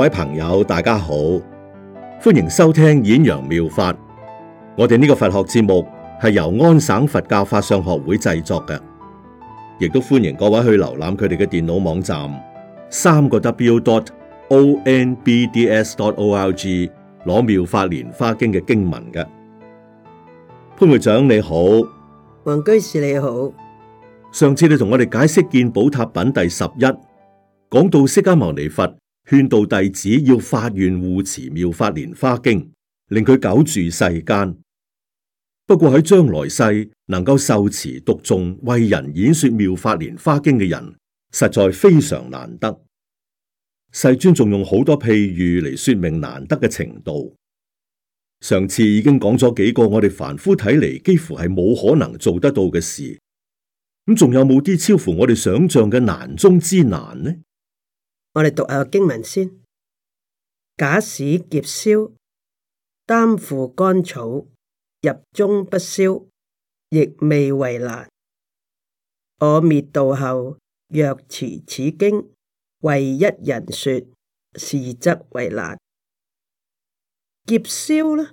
各位朋友，大家好，歡迎收聽《演揚妙,妙法》。我哋呢個佛學節目係由安省佛教法相學會製作嘅，亦都歡迎各位去瀏覽佢哋嘅電腦網站，三個 W dot O N B D S dot O R G 攞《妙法蓮華經》嘅經文嘅。潘會長你好，黃居士你好。上次你同我哋解釋《見寶塔品》第十一，講到釋迦牟尼佛。勸導弟子要發願護持妙法蓮花經，令佢久住世間。不過喺將來世，能夠受持讀誦、為人演說妙法蓮花經嘅人，實在非常難得。世尊仲用好多譬喻嚟說明難得嘅程度。上次已經講咗幾個我哋凡夫睇嚟幾乎係冇可能做得到嘅事，咁仲有冇啲超乎我哋想象嘅難中之難呢？我哋讀下經文先。假使劫燒，擔負乾草，入中不燒，亦未為難。我滅度後，若持此經，為一人說，是則為難。劫燒呢，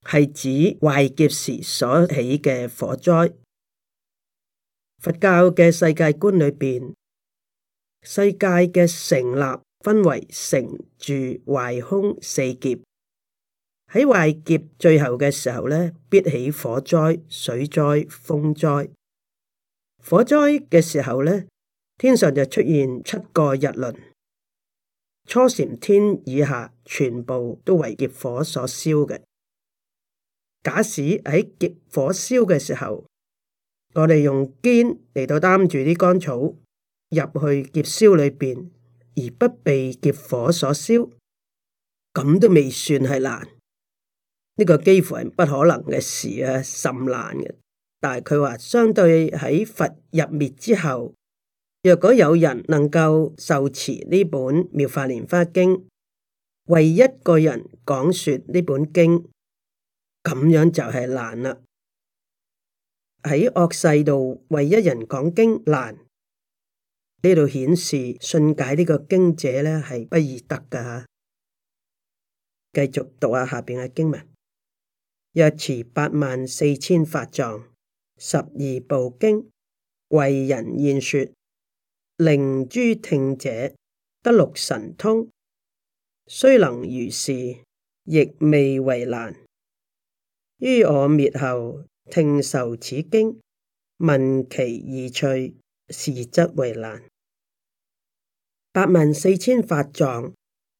係指壞劫時所起嘅火災。佛教嘅世界觀裏邊。世界嘅成立分為成住壞空四劫，喺壞劫最後嘅時候呢，必起火災、水災、風災。火災嘅時候呢，天上就出現七個日輪，初禪天以下全部都為劫火所燒嘅。假使喺劫火燒嘅時候，我哋用肩嚟到擔住啲乾草。入去劫燒裏邊，而不被劫火所燒，咁都未算係難。呢、這個幾乎係不可能嘅事啊，甚難嘅。但係佢話相對喺佛入滅之後，若果有人能夠受持呢本妙法蓮花經，為一個人講說呢本經，咁樣就係難啦。喺惡世度為一人講經難。呢度顯示信解呢個經者呢係不易得噶吓。繼續讀下下邊嘅經文：若持八萬四千法藏，十二部經，為人演說，令諸聽者得六神通，雖能如是，亦未為難。於我滅後聽受此經，問其義趣，是則為難。八萬四千法藏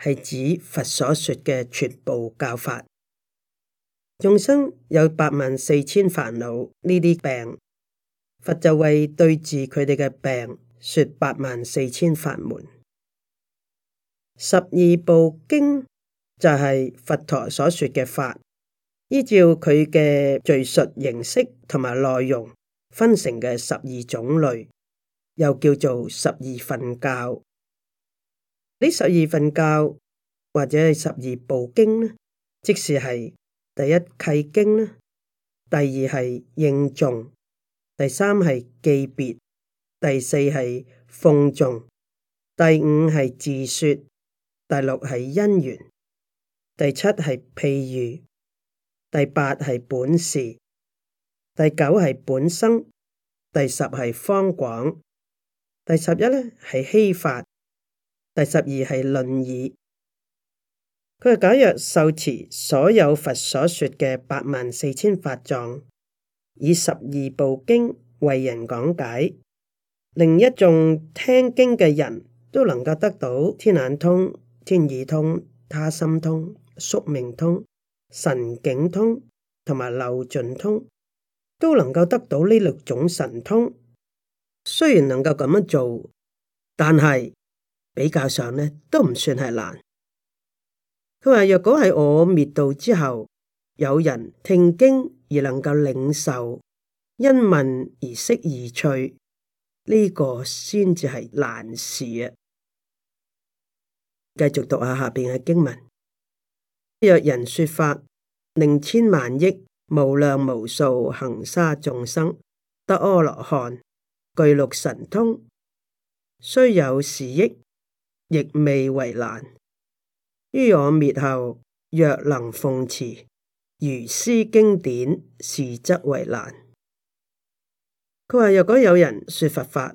係指佛所說嘅全部教法，眾生有八萬四千煩惱呢啲病，佛就為對治佢哋嘅病，說八萬四千法門。十二部經就係、是、佛陀所說嘅法，依照佢嘅敘述形式同埋內容分成嘅十二種類，又叫做十二分教。呢十二份教或者係十二部經呢，即係第一契經啦，第二係應頌，第三係記別，第四係諷頌，第五係自說，第六係因緣，第七係譬喻，第八係本事，第九係本生，第十係方廣，第十一咧係希法。第十二係論耳，佢係假若受持所有佛所說嘅八萬四千法藏，以十二部經為人講解，另一眾聽經嘅人都能夠得到天眼通、天耳通、他心通、宿命通、神境通同埋漏盡通，都能夠得到呢六種神通。雖然能夠咁樣做，但係，比較上呢都唔算係難。佢話若果係我滅度之後，有人聽經而能夠領受，因問而識而趣，呢個先至係難事啊！繼續讀下下邊嘅經文：若人說法，令千萬億無量無數恆沙眾生得阿羅漢，具六神通，雖有是益。亦未為難。於我滅後，若能奉持如斯經典，是則為難。佢話，若果有人說佛法，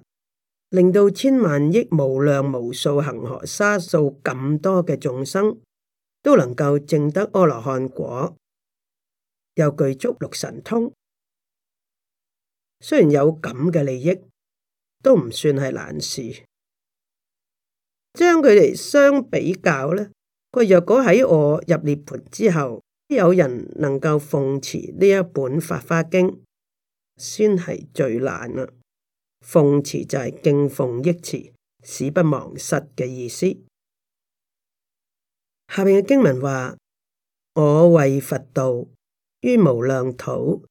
令到千萬億無量無數恒河沙數咁多嘅眾生都能夠證得阿羅漢果，又具足六神通，雖然有咁嘅利益，都唔算係難事。將佢哋相比較呢，佢若果喺我入涅盤之後，有人能夠奉持呢一本法華經，先係最難啦。奉持就係敬奉益持，使不忘失嘅意思。下邊嘅經文話：我為佛道於無量土，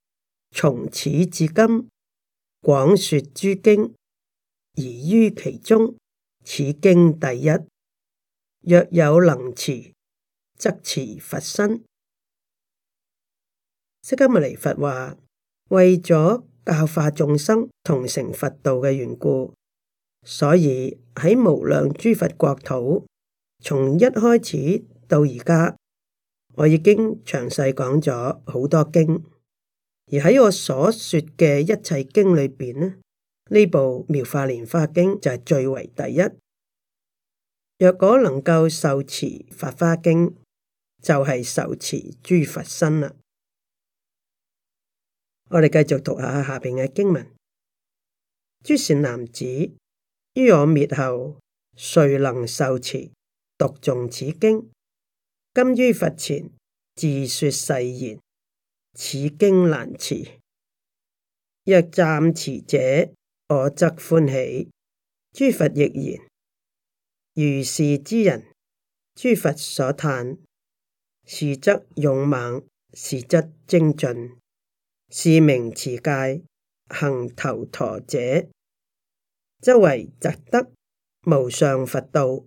從此至今，廣說諸經，而於其中。此經第一，若有能持，則持佛身。釋迦牟尼佛話，為咗教化眾生同成佛道嘅緣故，所以喺無量諸佛國土，從一開始到而家，我已經詳細講咗好多經，而喺我所說嘅一切經裏邊呢，呢部妙法蓮花經就係最為第一。若果能夠受持法花經，就係受持諸佛身啦。我哋繼續讀下下邊嘅經文：諸善男子，於我滅後，誰能受持，讀誦此經？今於佛前自說誓言：此經難持，若暫持者。我則歡喜，諸佛亦然。如是之人，諸佛所嘆。是則勇猛，是則精進，是名持戒行頭陀者，則為疾得無上佛道。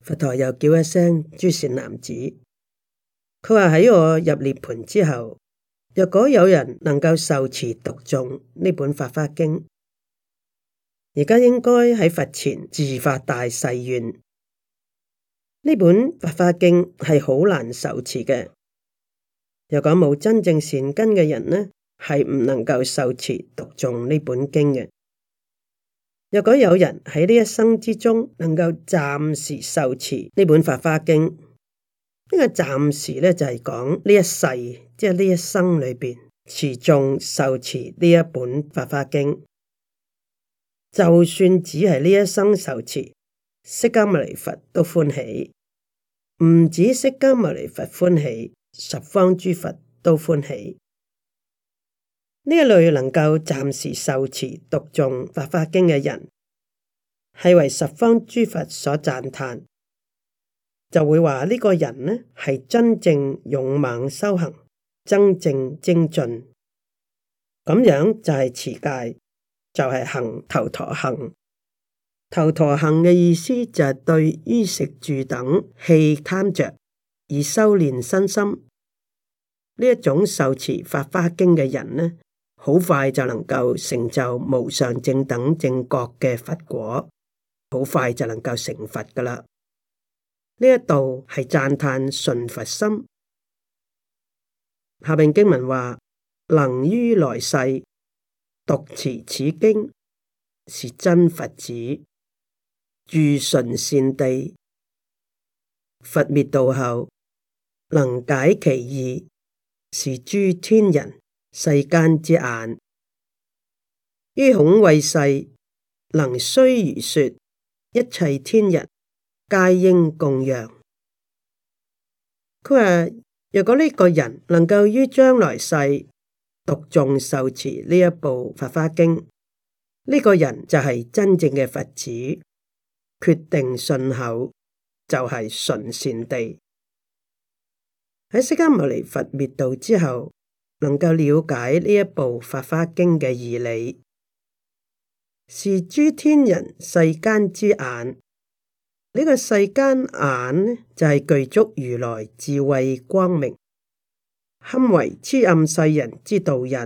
佛陀又叫一聲諸善男子，佢話喺我入涅槃之後。若果有人能夠受持讀誦呢本法華經，而家應該喺佛前自發大誓願。呢本法華經係好難受持嘅。若果冇真正善根嘅人呢，係唔能夠受持讀誦呢本經嘅。若果有人喺呢一生之中能夠暫時受持呢本法華經，呢、呢個暫時呢就係講呢一世。即係呢一生裏邊持誦受持呢一本《法華經》，就算只係呢一生受持，釋迦牟尼佛都歡喜，唔止釋迦牟尼佛歡喜，十方諸佛都歡喜。呢一類能夠暫時受持讀誦《法華經》嘅人，係為十方諸佛所讚嘆，就會話呢個人呢係真正勇猛修行。真正精進咁樣就係持戒，就係、是、行頭陀行。頭陀行嘅意思就係對於食住等氣貪着而修練身心。呢一種受持法花經嘅人呢,好快就能夠成就無上正等正覺嘅佛果，好快就能夠成佛噶啦。呢一度係讚嘆信佛心。下面經文話：能於來世讀持此經，是真佛子，住純善地，佛滅度後能解其意，是諸天人世間之眼。於恐畏世能須臾說，一切天人皆應供養。佢話。若果呢個人能夠於將來世讀誦受持呢一部《法華經》這，呢個人就係真正嘅佛子，決定信口就係純善地。喺釋迦牟尼佛滅度之後，能夠了解呢一部《法華經》嘅義理，是諸天人世間之眼。呢個世間眼就係具足如來智慧光明，堪為痴暗世人之導引，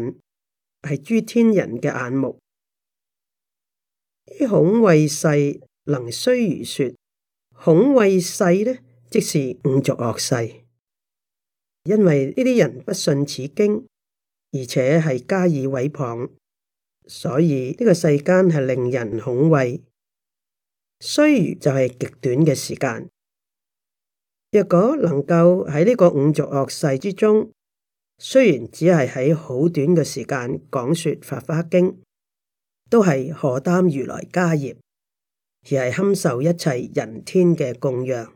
係諸天人嘅眼目。這恐畏世能須臾說，恐畏世呢，即是五濁惡世，因為呢啲人不信此經，而且係加以毀謗，所以呢個世間係令人恐畏。須臾就係極短嘅時間，若果能夠喺呢個五濁惡世之中，雖然只係喺好短嘅時間講說《法華經》，都係荷擔如來家業，而係堪受一切人天嘅供養。呢、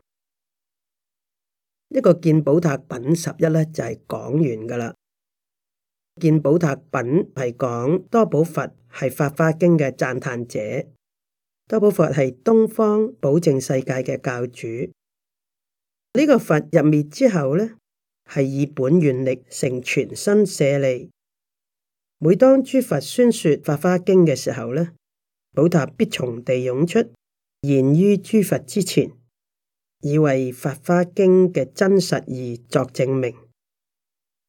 這個見寶塔品十一咧就係講完㗎喇。見寶塔品係講多寶佛係《法華經》嘅讚嘆者。多寶佛係東方寶淨世界嘅教主，呢、這個佛入滅之後呢係以本願力成全身舍利。每當諸佛宣說法華經嘅時候呢，寶塔必從地涌出，現於諸佛之前，以為法華經嘅真實而作證明。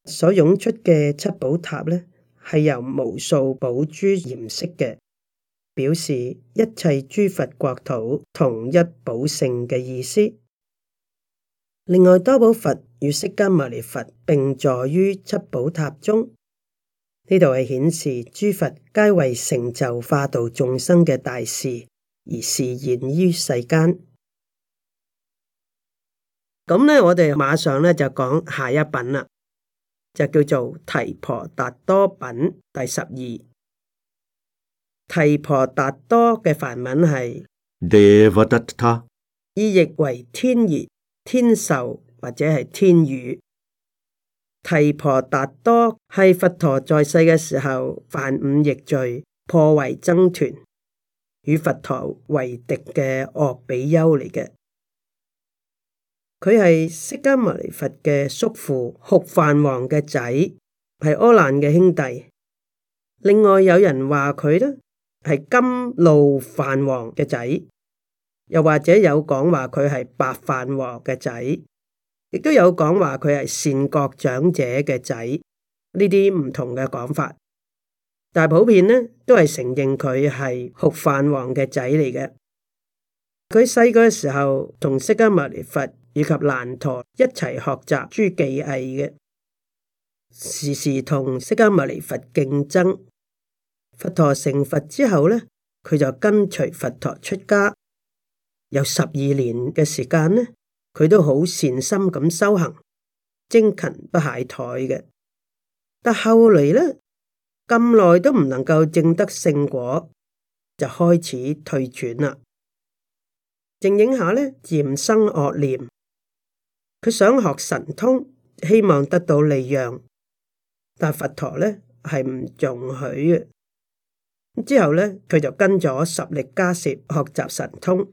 所涌出嘅七寶塔呢係由無數寶珠嚴飾嘅。表示一切諸佛國土同一寶勝嘅意思。另外，多寶佛與釋迦牟尼佛並坐於七寶塔中，呢度係顯示諸佛皆為成就化度眾生嘅大事而示現於世間。咁呢，我哋馬上呢就講下一品啦，就叫做提婆達多品第十二。提婆達多嘅梵文係 Devadatta，意譯為天熱、天授或者係天雨。提婆達多係佛陀在世嘅時候犯五逆罪、破壞僧團、與佛陀為敵嘅惡比丘嚟嘅。佢係釋迦牟尼佛嘅叔父酷、斛飯王嘅仔，係阿難嘅兄弟。另外有人話佢呢，係金露飯王嘅仔，又或者有講話佢係白飯王嘅仔，亦都有講話佢係善國長者嘅仔，呢啲唔同嘅講法。但係普遍呢都係承認佢係斛飯王嘅仔嚟嘅。佢細個嘅時候，同釋迦牟尼佛以及難陀一齊學習諸技藝嘅，時時同釋迦牟尼佛競爭。佛陀成佛之後咧，佢就跟隨佛陀出家，有十二年嘅時間咧，佢都好善心咁修行，精勤不懈怠嘅。但後嚟咧，咁耐都唔能夠證得聖果，就開始退轉啦。靜影下咧，漸生惡念，佢想學神通，希望得到利養，但佛陀咧係唔容許嘅。之後咧，佢就跟咗十力迦葉學習神通，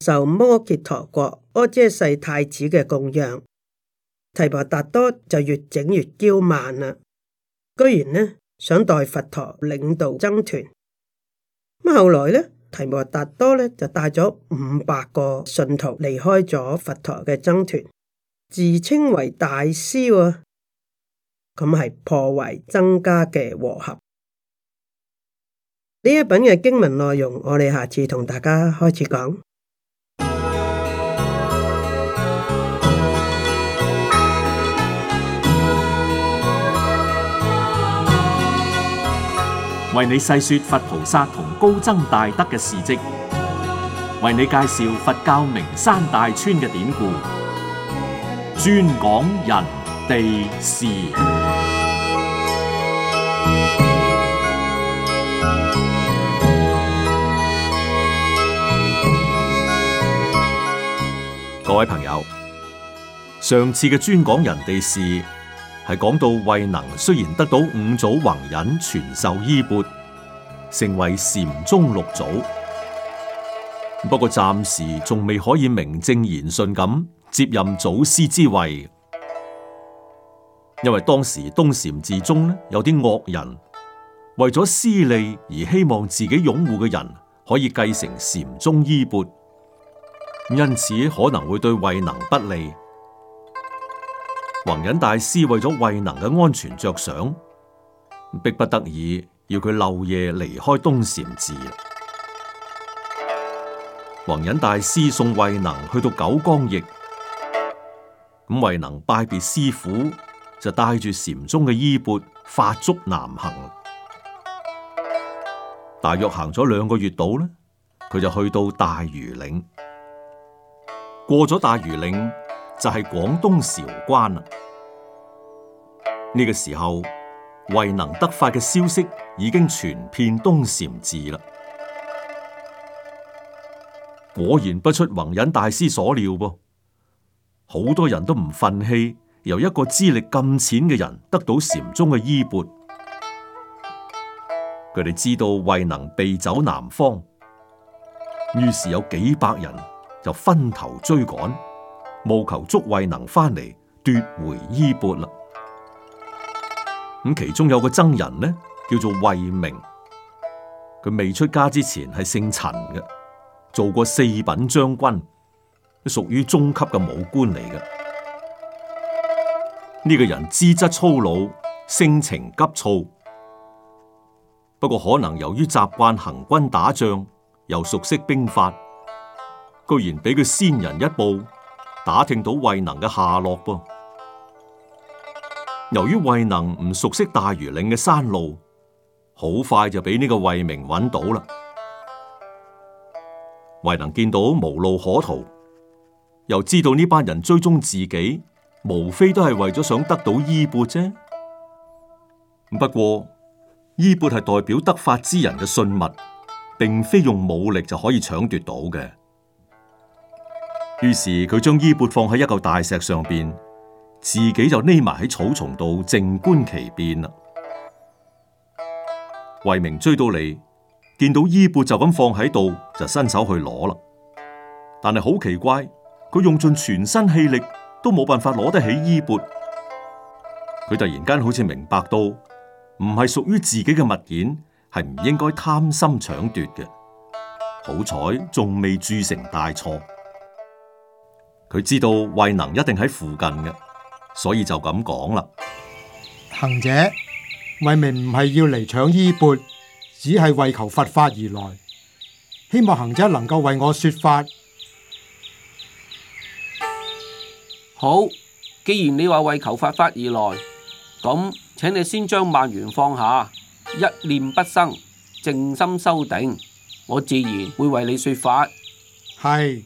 受摩羯陀國阿闍世太子嘅供養，提婆達多就越整越驕慢啦。居然呢想代佛陀領導僧團。咁後來咧，提婆達多咧就帶咗五百個信徒離開咗佛陀嘅僧團，自稱為大師，哦。咁係破壞僧伽嘅和合。呢一品嘅經文內容，我哋下次同大家開始講。為你細說佛菩薩同高僧大德嘅事跡，為你介紹佛教名山大川嘅典故，專講人、地、事。各位朋友，上次嘅專講人哋事係講到慧能雖然得到五祖弘忍傳授衣缽，成為禪宗六祖，不過暫時仲未可以名正言順咁接任祖師之位，因為當時東禪寺中呢有啲惡人，為咗私利而希望自己擁護嘅人可以繼承禪宗衣缽。因此可能會對慧能不利。弘忍大師為咗慧能嘅安全着想，逼不得已要佢漏夜離開東禪寺。弘忍大師送慧能去到九江驛，咁慧能拜別師父，就帶住禪宗嘅衣缽，發足南行。大約行咗兩個月度呢，佢就去到大庾嶺。過咗大庾嶺就係、是、廣東韶關啦。呢、這個時候慧能得法嘅消息已經傳遍東禪寺啦。果然不出弘忍大師所料噃，好多人都唔忿氣，由一個資歷咁淺嘅人得到禪宗嘅衣缽。佢哋知道慧能避走南方，於是有幾百人。就分頭追趕，務求祝慧能翻嚟奪回衣缽啦。咁其中有個僧人呢，叫做慧明。佢未出家之前係姓陳嘅，做過四品將軍，屬於中級嘅武官嚟嘅。呢個人資質粗魯，性情急躁。不過可能由於習慣行軍打仗，又熟悉兵法。居然俾佢先人一步打聽到慧能嘅下落噃。由於慧能唔熟悉大庾嶺嘅山路，好快就俾呢個慧明揾到啦。慧能見到無路可逃，又知道呢班人追蹤自己，無非都係為咗想得到衣缽啫。不過衣缽係代表得法之人嘅信物，並非用武力就可以搶奪到嘅。於是佢將衣缽放喺一嚿大石上邊，自己就匿埋喺草叢度靜觀其變啦。慧明追到嚟，見到衣缽就咁放喺度，就伸手去攞啦。但係好奇怪，佢用盡全身氣力都冇辦法攞得起衣缽。佢突然間好似明白到，唔係屬於自己嘅物件，係唔應該貪心搶奪嘅。好彩仲未鑄成大錯。佢知道慧能一定喺附近嘅，所以就咁講啦。行者，慧明唔係要嚟搶衣鉢，只係為求佛法而來，希望行者能夠為我說法。好，既然你話為求佛法而來，咁請你先將萬緣放下，一念不生，靜心修定，我自然會為你說法。係。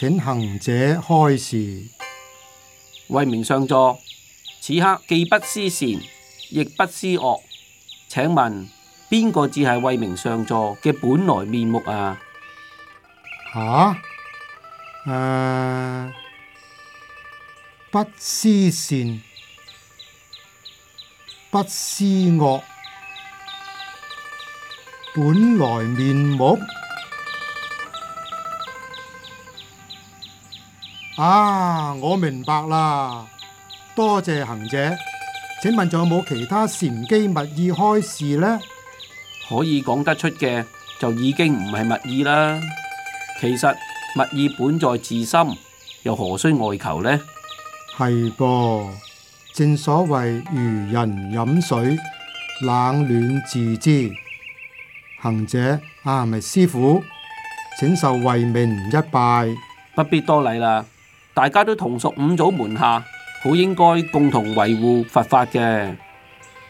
請行者開示，慧明上座，此刻既不思善，亦不思惡。請問邊個只係慧明上座嘅本來面目啊？吓、啊？誒、啊，不思善，不思惡，本來面目。啊！我明白啦，多謝行者，請問仲有冇其他禪機密意開示呢？可以講得出嘅就已經唔係密意啦。其實密意本在自心，又何須外求呢？係噃，正所謂如人飲水，冷暖自知。行者啊，係咪師傅？請受慧明一拜。不必多禮啦。大家都同屬五祖門下，好應該共同維護佛法嘅。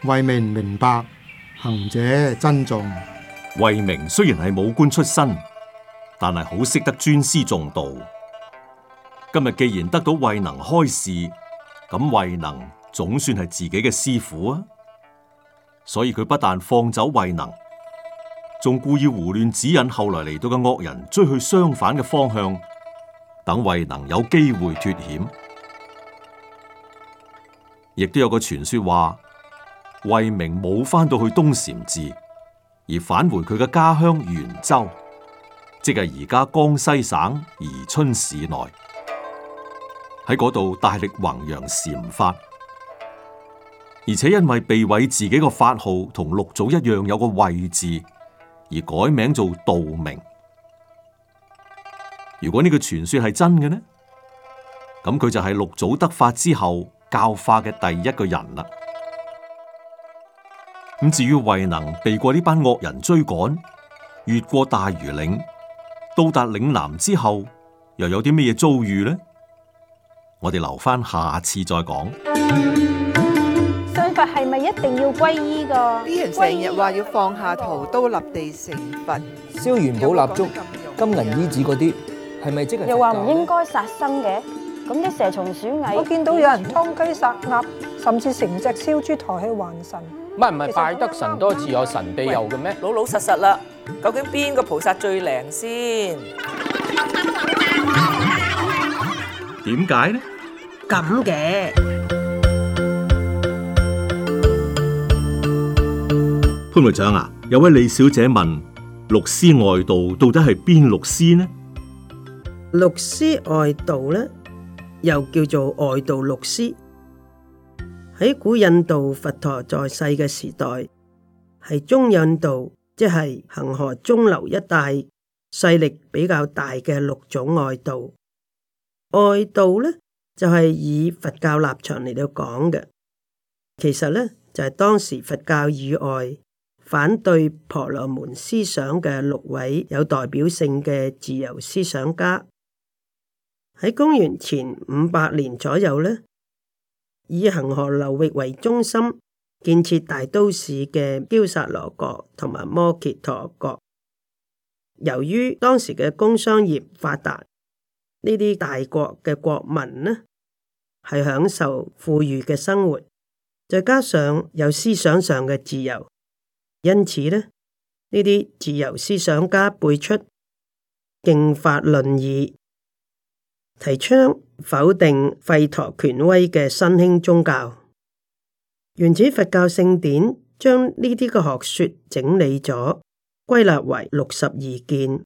慧明明白，行者珍重。慧明雖然係武官出身，但係好識得尊師重道。今日既然得到慧能開示，咁慧能總算係自己嘅師父啊！所以佢不但放走慧能，仲故意胡亂指引後來嚟到嘅惡人追去相反嘅方向。等慧能有機會脫險，亦都有個傳說話，慧明冇翻到去東禪寺，而返回佢嘅家鄉袁州，即係而家江西省宜春市內，喺嗰度大力弘揚禪法，而且因為被毀自己個法號同六祖一樣有個慧字，而改名做道明。如果呢個傳說係真嘅呢，咁佢就係六祖得法之後教化嘅第一個人啦。咁至於慧能避過呢班惡人追趕，越過大庾嶺，到達嶺南之後，又有啲咩嘢遭遇呢？我哋留翻下次再講。信佛係咪一定要皈依噶？啲人成日話要放下屠刀立地成佛，燒元寶蠟燭、金銀衣紙嗰啲。又話唔應該殺生嘅，咁啲蛇蟲鼠蟻，我見到有人劏雞殺鴨，甚至成隻燒豬抬去還神。唔係唔係，拜得神多自有神庇佑嘅咩？老老實實啦，究竟邊個菩薩最靈先？點解呢？咁嘅潘隊長啊，有位李小姐問六師外道到底係邊六師呢？六師外道呢，又叫做外道六師，喺古印度佛陀在世嘅時代，係中印度，即係恒河中流一帶勢力比較大嘅六種外道。外道呢，就係以佛教立場嚟到講嘅，其實呢，就係當時佛教以外反對婆羅門思想嘅六位有代表性嘅自由思想家。喺公元前五百年左右咧，以恒河流域為中心建設大都市嘅憍薩羅國同埋摩揭陀國，由於當時嘅工商業發達，呢啲大國嘅國民呢，係享受富裕嘅生活，再加上有思想上嘅自由，因此呢呢啲自由思想家輩出，敬法論義，提倡否定吠陀權威嘅新興宗教，原始佛教聖典將呢啲嘅學說整理咗，歸納為六十二見，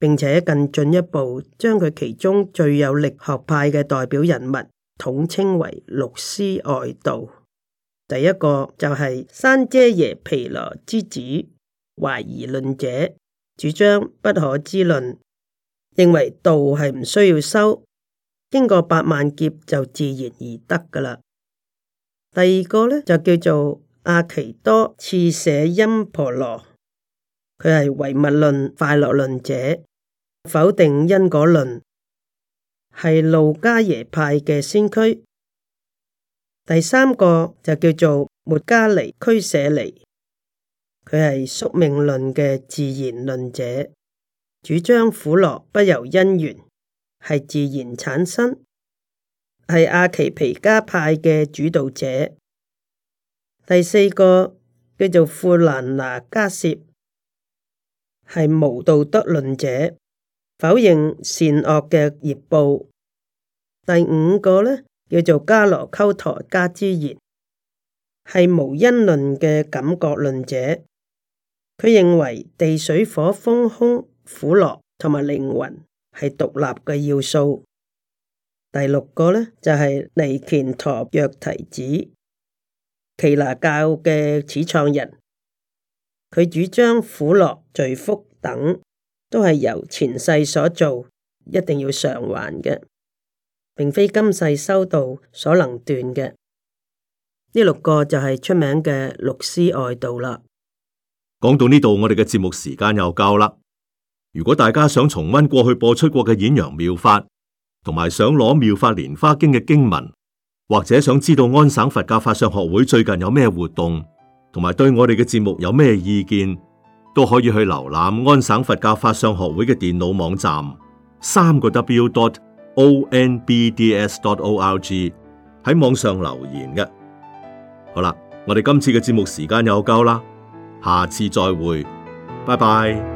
並且更進一步將佢其中最有力學派嘅代表人物統稱為六師外道。第一個就係山遮耶毗羅之子懷疑論者，主張不可知論。認為道係唔需要修，經過八萬劫就自然而得噶啦。第二個呢，就叫做阿奇多次舍因婆羅，佢係唯物論、快樂論者，否定因果論，係路加耶派嘅先驅。第三個就叫做末伽尼屈舍尼，佢係宿命論嘅自然論者。主張苦樂不由因緣，係自然產生，係阿奇皮加派嘅主導者。第四個叫做富蘭拿加涉，係無道德論者，否認善惡嘅業報。第五個呢，叫做加羅溝陀加之言，係無因論嘅感覺論者，佢認為地水火風空。苦樂同埋靈魂係獨立嘅要素。第六個呢，就係、是、尼乾陀若提子，耆那教嘅始創人。佢主張苦樂罪福等都係由前世所做，一定要償還嘅，並非今世修道所能斷嘅。呢六個就係出名嘅六師外道啦。講到呢度，我哋嘅節目時間又夠啦。如果大家想重溫過去播出過嘅演揚妙法，同埋想攞妙法蓮花經嘅經文，或者想知道安省佛教法相學會最近有咩活動，同埋對我哋嘅節目有咩意見，都可以去瀏覽安省佛教法相學會嘅電腦網站，三個 W dot O N B D S dot O R G 喺網上留言嘅。好啦，我哋今次嘅節目時間有夠啦，下次再會，拜拜。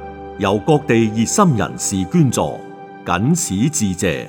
由各地熱心人士捐助，謹此致謝。